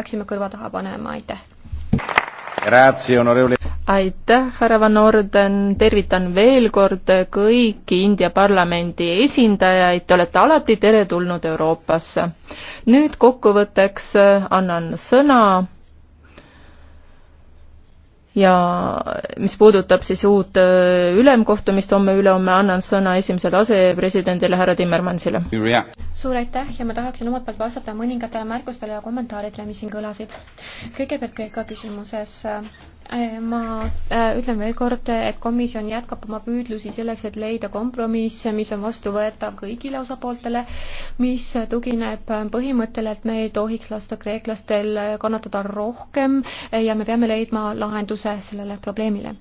peaksime kõrva taha panema, aitäh! aitäh, härra Van Orden, tervitan veel kord kõiki India parlamendi esindajaid, te olete alati teretulnud Euroopasse. nüüd kokkuvõtteks annan sõna ja mis puudutab siis uut äh, ülemkohtumist homme-ülehomme, annan sõna esimesele asepresidendile härra Timmermansile. suur aitäh ja ma tahaksin omalt poolt vastata mõningatele märkustele ja kommentaaridele, mis siin kõlasid. kõigepealt Kreeka küsimuses äh, Eh, ma eh, ütlen veel kord, et komisjon jätkab oma püüdlusi selleks, et leida kompromiss, mis on vastuvõetav kõigile osapooltele, mis tugineb põhimõttele, et me ei tohiks lasta kreeklastel kannatada rohkem eh, ja me peame leidma lahenduse sellele probleemile.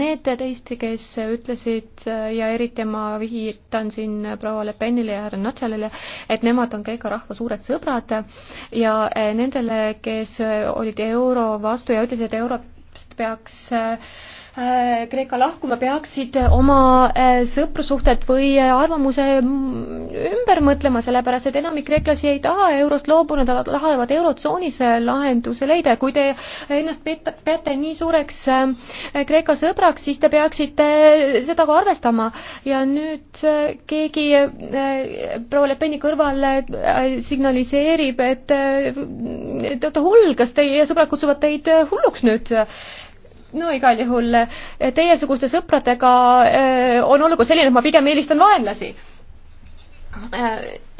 Need teist, kes ütlesid ja eriti ma viitan siin proua Le Penile ja härra Natsalile, et nemad on Kreeka rahva suured sõbrad ja nendele, kes olid euro vastu ja ütlesid, et eurot peaks äh, Kreeka lahkuma, peaksid oma sõprussuhted või arvamuse ümber mõtlema, sellepärast et enamik kreeklasi ei taha eurost loobuda, nad tahavad eurotsoonis lahenduse leida ja kui te ennast peate nii suureks Kreeka sõbraks, siis te peaksite seda ka arvestama. ja nüüd keegi proua Le Peni kõrval signaliseerib, et te olete hull, kas teie sõbrad kutsuvad teid hulluks nüüd? no igal juhul eh, teiesuguste sõpradega eh, on olukord selline, et ma pigem eelistan vaenlasi. Eh,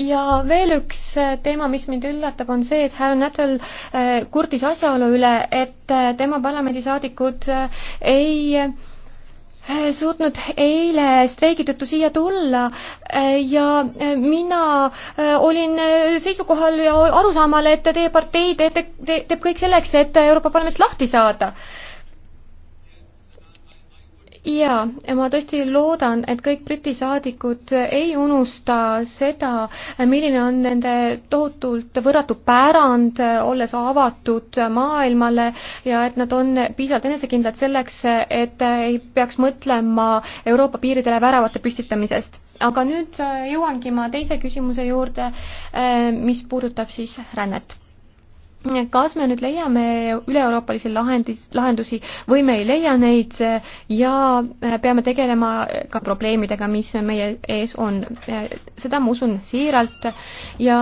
ja veel üks teema, mis mind üllatab, on see, et härra Nädal kurtis asjaolu üle, et tema parlamendisaadikud ei suutnud eile streigi tõttu siia tulla ja mina olin seisukohal ja arusaamal, et teie partei teeb te, te, te, kõik selleks, et Euroopa Parlamendist lahti saada jaa, ma tõesti loodan, et kõik Briti saadikud ei unusta seda, milline on nende tohutult võrratu pärand, olles avatud maailmale ja et nad on piisavalt enesekindlad selleks, et ei peaks mõtlema Euroopa piiridele väravate püstitamisest. aga nüüd äh, jõuangi ma teise küsimuse juurde, äh, mis puudutab siis rännet kas me nüüd leiame üle-euroopalisi lahendis, lahendusi või me ei leia neid eh, ja eh, peame tegelema eh, ka probleemidega, mis meie ees on. seda ma usun siiralt ja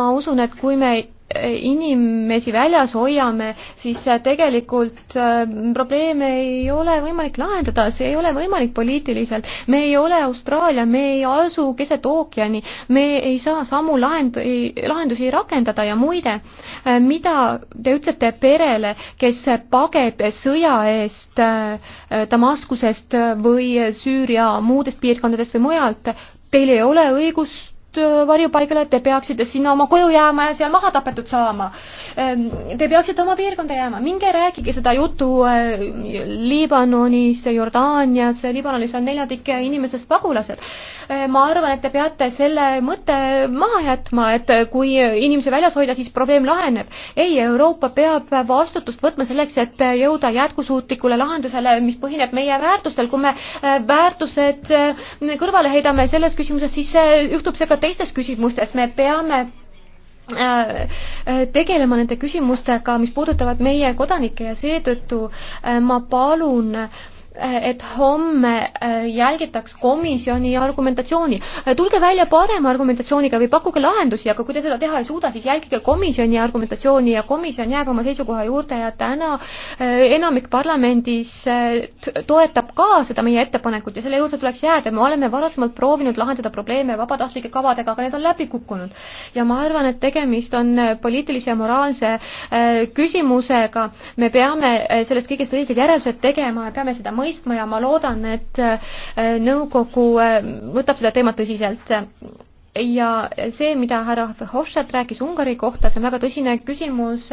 ma usun, et kui me inimesi väljas hoiame, siis tegelikult äh, probleeme ei ole võimalik lahendada, see ei ole võimalik poliitiliselt. me ei ole Austraalia, me ei asu keset ookeani, me ei saa samu lahend-, lahendusi rakendada ja muide, äh, mida te ütlete perele, kes pageb sõja eest äh, Damaskusest või Süüria muudest piirkondadest või mujalt, teil ei ole õigust jõudnud äh, varjupaigale, te peaksite sinna oma koju jääma ja seal maha tapetud saama. Ähm, te peaksite oma piirkonda jääma, minge rääkige seda juttu äh, Liibanonis, Jordaanias, Liibanonis on neljandik inimestest pagulased. Äh, ma arvan, et te peate selle mõtte maha jätma, et kui inimesi väljas hoida, siis probleem laheneb. ei, Euroopa peab vastutust võtma selleks, et jõuda jätkusuutlikule lahendusele, mis põhineb meie väärtustel, kui me väärtused kõrvale heidame selles küsimuses, siis juhtub see ka teistele teistes küsimustes, me peame äh, tegelema nende küsimustega, mis puudutavad meie kodanikke ja seetõttu äh, ma palun äh, et homme äh, jälgitaks komisjoni argumentatsiooni. Äh, tulge välja parema argumentatsiooniga või pakkuge lahendusi, aga kui te seda teha ei suuda, siis jälgige komisjoni argumentatsiooni ja komisjon jääb oma seisukoha juurde ja täna äh, enamik parlamendis toetab ka seda meie ettepanekut ja selle juurde tuleks jääda. me oleme varasemalt proovinud lahendada probleeme vabatahtlike kavadega, aga need on läbi kukkunud. ja ma arvan, et tegemist on poliitilise ja moraalse küsimusega. me peame sellest kõigest õiged järeldused tegema ja peame seda mõistma mõistma ja ma loodan, et äh, nõukogu äh, võtab seda teemat tõsiselt ja see, mida härra Verhofstadt rääkis Ungari kohta, see on väga tõsine küsimus,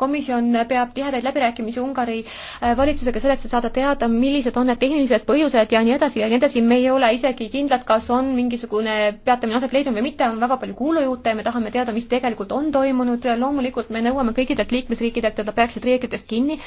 komisjon peab tihedaid läbirääkimisi Ungari äh, valitsusega selleks, et saada teada, millised on need tehnilised põhjused ja nii edasi ja nii edasi, me ei ole isegi kindlad, kas on mingisugune peatamine aset leidnud või mitte, on väga palju kuulujuute ja me tahame teada, mis tegelikult on toimunud, loomulikult me nõuame kõikidelt liikmesriikidelt, et nad peaksid reeglitest kinni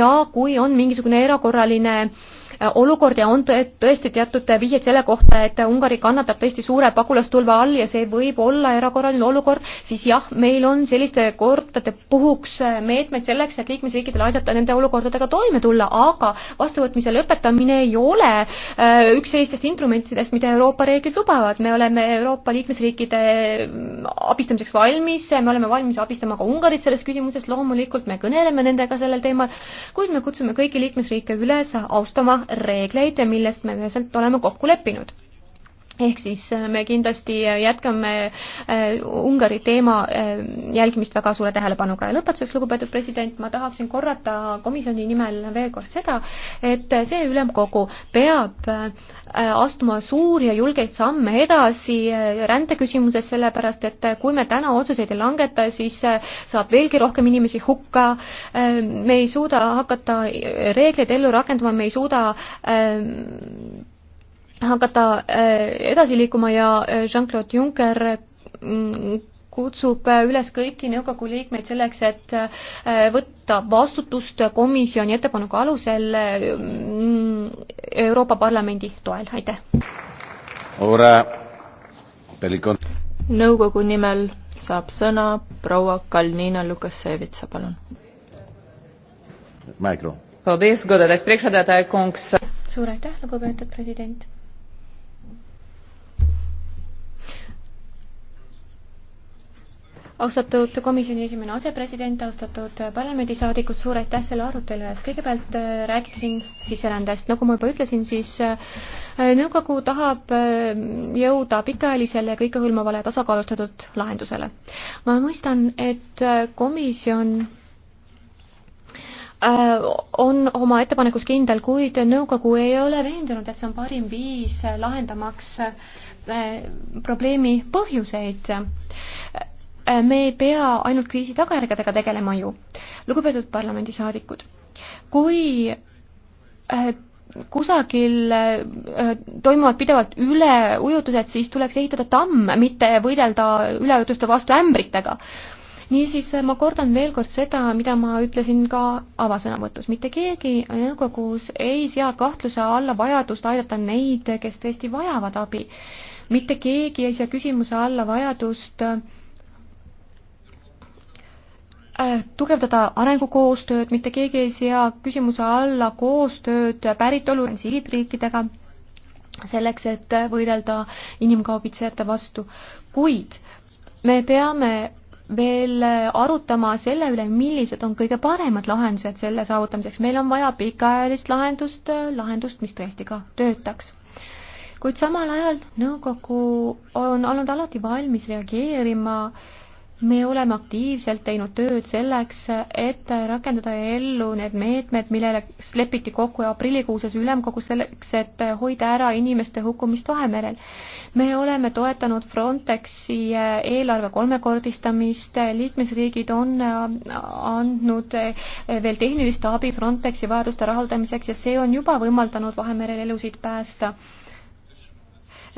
ja kui on mingisugune erakorraline äh, Äh, olukord ja on tõesti teatud vihjed selle kohta, et Ungari kannatab tõesti suure pagulastulva all ja see võib olla erakorraline olukord, siis jah, meil on selliste kordade puhuks äh, meetmed selleks, et liikmesriikidele aidata nende olukordadega toime tulla, aga vastuvõtmise lõpetamine ei ole äh, üks sellistest instrumentidest, mida Euroopa reeglid lubavad, me oleme Euroopa liikmesriikide mm, abistamiseks valmis, me oleme valmis abistama ka Ungarit selles küsimuses, loomulikult me kõneleme nendega sellel teemal, kuid me kutsume kõiki liikmesriike üles austama reegleid, millest me üheselt oleme kokku leppinud ehk siis äh, me kindlasti äh, jätkame äh, Ungari teema jälgimist väga suure tähelepanuga ja lõpetuseks, lugupeetud president, ma tahaksin korrata komisjoni nimel veel kord seda, et see ülemkogu peab astuma suuri ja julgeid samme edasi rändeküsimuses, sellepärast et kui me täna otsuseid ei langeta, siis saab veelgi rohkem inimesi hukka, me ei suuda hakata reegleid ellu rakendama, me ei suuda hakata äh, edasi liikuma ja äh, Jean-Claude Juncker mm, kutsub äh, üles kõiki nõukogu liikmeid selleks, et võtta vastutust komisjoni ettepaneku alusel mm, Euroopa Parlamendi toel, aitäh! nõukogu nimel saab sõna proua Kalnina Lukasevitsa, palun. suur aitäh, lugupeetud president austatud komisjoni esimene asepresident, austatud parlamendisaadikud, suur aitäh selle arutelu eest. kõigepealt äh, rääkisin sisserändest. nagu ma juba ütlesin, siis äh, nõukogu tahab äh, jõuda pikaajalisele kõikehõlmavale tasakaalustatud lahendusele. ma mõistan, et komisjon on oma ettepanekus kindel, kuid nõukogu ei ole veendunud, et see on parim viis lahendamaks probleemi põhjuseid. Äh, me ei pea ainult kriisi tagajärgedega tegelema ju. lugupeetud parlamendisaadikud, kui äh, kusagil äh, toimuvad pidevalt üleujutused, siis tuleks ehitada tamm, mitte võidelda üleujutuste vastu ämbritega. niisiis, ma kordan veel kord seda, mida ma ütlesin ka avasõnavõtus, mitte keegi nõukogus ei sea kahtluse alla vajadust aidata neid, kes tõesti vajavad abi. mitte keegi ei sea küsimuse alla vajadust äh, Äh, tugevdada arengukoostööd, mitte keegi ei sea küsimuse alla koostööd päritolu sihtriikidega, selleks, et võidelda inimkaubitsejate vastu. kuid me peame veel arutama selle üle, millised on kõige paremad lahendused selle saavutamiseks. meil on vaja pikaajalist lahendust, lahendust, mis tõesti ka töötaks. kuid samal ajal nõukogu on olnud alati valmis reageerima äh, me oleme aktiivselt teinud tööd selleks, et rakendada ellu need meetmed, milleks lepiti kokku aprillikuuses ülemkogus selleks, et hoida ära inimeste hukkumist Vahemerel. me oleme toetanud Frontexi eelarve kolmekordistamist, liikmesriigid on andnud veel tehnilist abi Frontexi vajaduste rahuldamiseks ja see on juba võimaldanud Vahemerel elusid päästa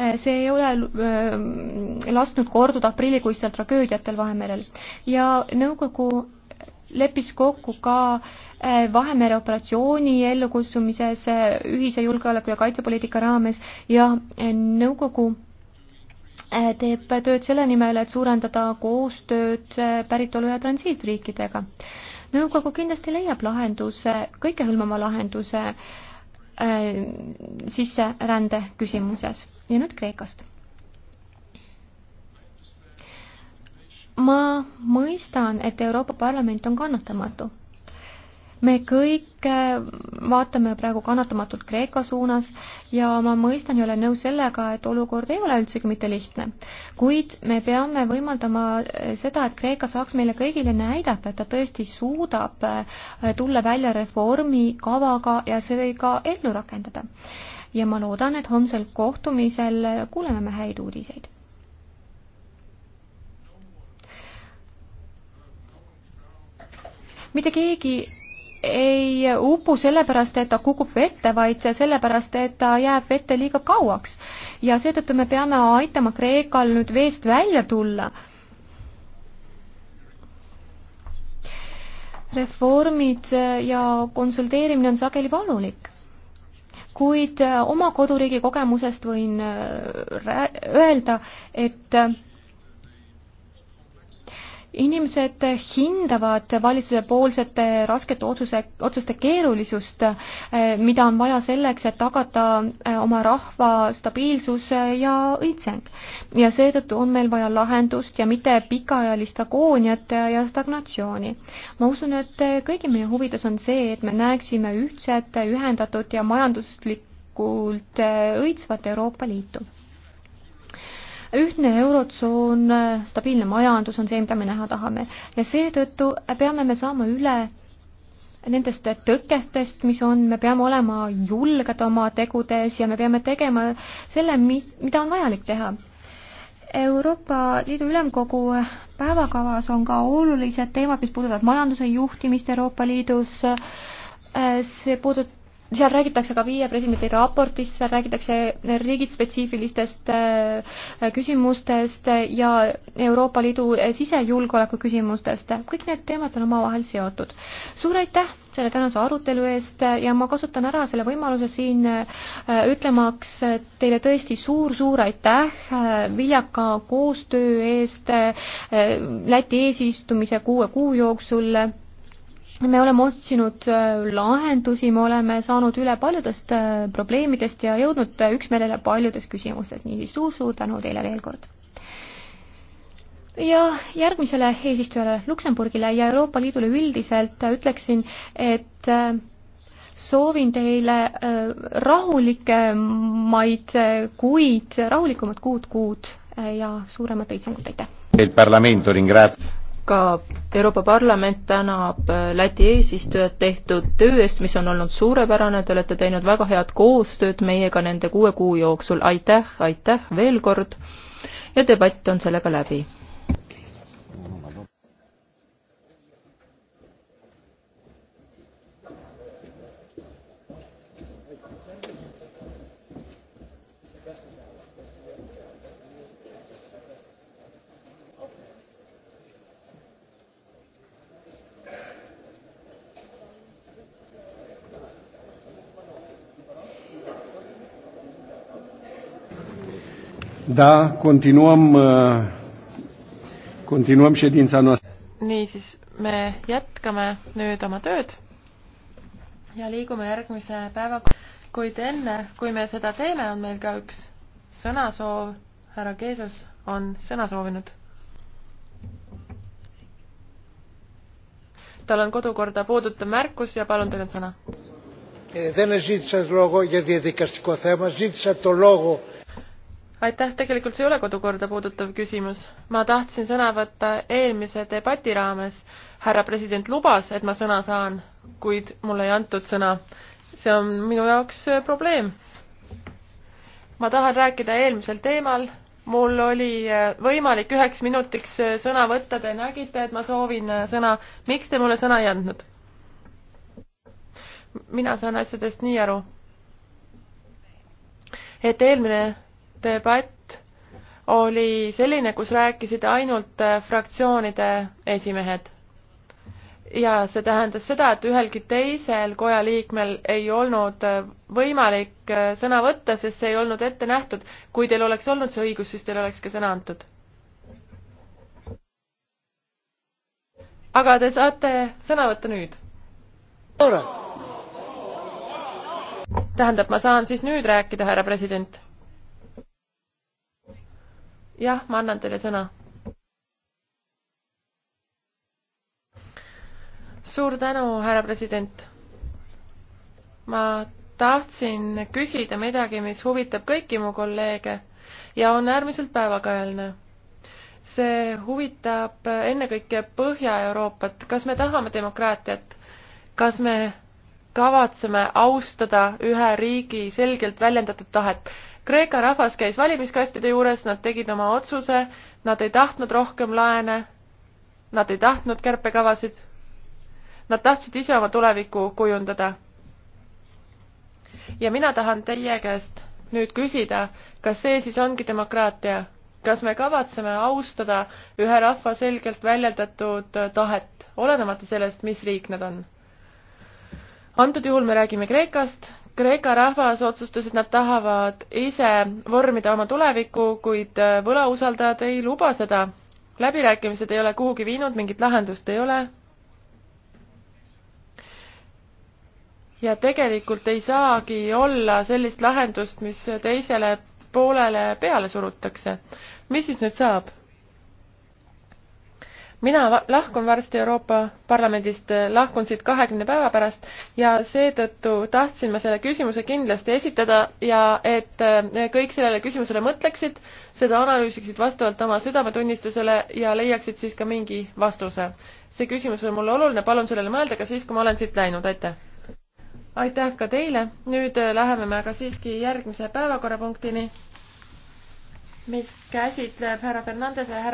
Eh, see ei ole eh, lasknud korduda aprillikuistel tragöödiatel Vahemerel ja nõukogu leppis kokku ka eh, Vahemere operatsiooni ellukutsumises ühise julgeoleku- ja kaitsepoliitika raames ja nõukogu teeb tööd selle nimel, et suurendada koostööd päritolu- ja transiitriikidega. nõukogu kindlasti leiab lahenduse, kõikehõlmava lahenduse äh, Äh, sisserände küsimuses. ja nüüd Kreekast. ma mõistan, et Euroopa Parlament on kannatamatu me kõik äh, vaatame praegu kannatamatult Kreeka suunas ja ma mõistan ja olen nõus sellega, et olukord ei ole üldsegi mitte lihtne. kuid me peame võimaldama äh, seda, et Kreeka saaks meile kõigile näidata, et ta tõesti suudab äh, tulla välja reformikavaga ja seda ka ellu rakendada. ja ma loodan, et homsel kohtumisel kuuleme me häid uudiseid mitte keegi ei upu sellepärast, et ta kukub vette, vaid sellepärast, et ta jääb vette liiga kauaks. ja seetõttu me peame aitama Kreekal nüüd veest välja tulla. reformid ja konsulteerimine on sageli valulik kuid oma koduriigi kogemusest võin öelda, et inimesed hindavad valitsuse poolsete raskete otsuse, otsuste keerulisust, eh, mida on vaja selleks, et tagada eh, oma rahva stabiilsus eh, ja õitseng. ja seetõttu on meil vaja lahendust ja mitte pikaajalist agooniat ja stagnatsiooni. ma usun, et kõigi meie huvides on see, et me näeksime ühtset, ühendatud ja majanduslikult õitsvat Euroopa Liitu ühtne eurotsoon, stabiilne majandus on see, mida me näha tahame ja seetõttu peame me saama üle nendest tõkestest, mis on, me peame olema julged oma tegudes ja me peame tegema selle, mis, mida on vajalik teha. Euroopa Liidu Ülemkogu päevakavas on ka olulised teemad, mis puudutavad majanduse juhtimist Euroopa Liidus, see puudutab seal räägitakse ka viie presidendi raportist, seal räägitakse riigid spetsiifilistest äh, küsimustest ja Euroopa Liidu äh, sisejulgeoleku küsimustest. kõik need teemad on omavahel seotud. suur aitäh selle tänase arutelu eest ja ma kasutan ära selle võimaluse siin äh, ütlemaks teile tõesti suur-suur aitäh viljaka koostöö eest Läti eesistumise kuue kuu jooksul me oleme otsinud äh, lahendusi, me oleme saanud üle paljudest äh, probleemidest ja jõudnud äh, üksmeelele paljudes küsimustes, niisiis suur-suur tänu teile veel kord. ja järgmisele eesistujale Luksemburgile ja Euroopa Liidule üldiselt ütleksin, et soovin teile rahulikemaid kuid, rahulikumat kuud kuud ja suuremat õitsengut, aitäh! ka Euroopa Parlament tänab äh, Läti eesistujat tehtud töö eest, mis on olnud suurepärane, te olete teinud väga head koostööd meiega nende kuue kuu jooksul, aitäh, aitäh veel kord ja debatt on sellega läbi. Da, continuăm, uh, continuăm ședința noastră. Niisiis, me jätkame nüüd oma tööd ja liigume järgmise päeva, kuid enne, kui me seda teeme, on meil ka üks sõnasoov. härra Keesus on sõna soovinud. tal on kodukorda puudutav märkus ja palun teil on sõna. Δεν ζήτησα λόγο για διαδικαστικό θέμα, ζήτησα το λόγο aitäh, tegelikult see ei ole kodukorda puudutav küsimus. ma tahtsin sõna võtta eelmise debati raames. härra president lubas, et ma sõna saan, kuid mulle ei antud sõna. see on minu jaoks äh, probleem. ma tahan rääkida eelmisel teemal. mul oli äh, võimalik üheks minutiks äh, sõna võtta, te nägite, et ma soovin sõna. miks te mulle sõna ei andnud? mina saan asjadest nii aru, et eelmine debatt oli selline, kus rääkisid ainult äh, fraktsioonide esimehed. ja see tähendas seda, et ühelgi teisel koja liikmel ei olnud äh, võimalik äh, sõna võtta, sest see ei olnud ette nähtud. kui teil oleks olnud see õigus, siis teil oleks ka sõna antud. aga te saate sõna võtta nüüd. tähendab, ma saan siis nüüd rääkida, härra president jah, ma annan teile sõna. suur tänu, härra president. ma tahtsin küsida midagi, mis huvitab kõiki mu kolleege ja on äärmiselt päevakajaline. see huvitab ennekõike Põhja-Euroopat. kas me tahame demokraatiat? kas me kavatseme austada ühe riigi selgelt väljendatud tahet? Kreeka rahvas käis valimiskastide juures, nad tegid oma otsuse, nad ei tahtnud rohkem laene, nad ei tahtnud kärpekavasid. Nad tahtsid ise oma tulevikku kujundada. ja mina tahan teie käest nüüd küsida, kas see siis ongi demokraatia? kas me kavatseme austada ühe rahva selgelt väljendatud tahet, olenemata sellest, mis riik nad on? antud juhul me räägime Kreekast, Kreeka rahvas otsustas, et nad tahavad ise vormida oma tulevikku, kuid äh, võlausaldajad ei luba seda. läbirääkimised ei ole kuhugi viinud, mingit lahendust ei ole. ja tegelikult ei saagi olla sellist lahendust, mis teisele poolele peale surutakse. mis siis nüüd saab? mina lahkun varsti Euroopa Parlamendist, lahkun siit kahekümne päeva pärast ja seetõttu tahtsin ma selle küsimuse kindlasti esitada ja et eh, kõik sellele küsimusele mõtleksid, seda analüüsiksid vastavalt oma südametunnistusele ja leiaksid siis ka mingi vastuse. see küsimus on mulle oluline, palun sellele mõelda ka siis, kui ma olen siit läinud, aitäh! aitäh ka teile, nüüd eh, läheme me aga siiski järgmise päevakorrapunktini, mis käsitleb härra Fernandese ja härra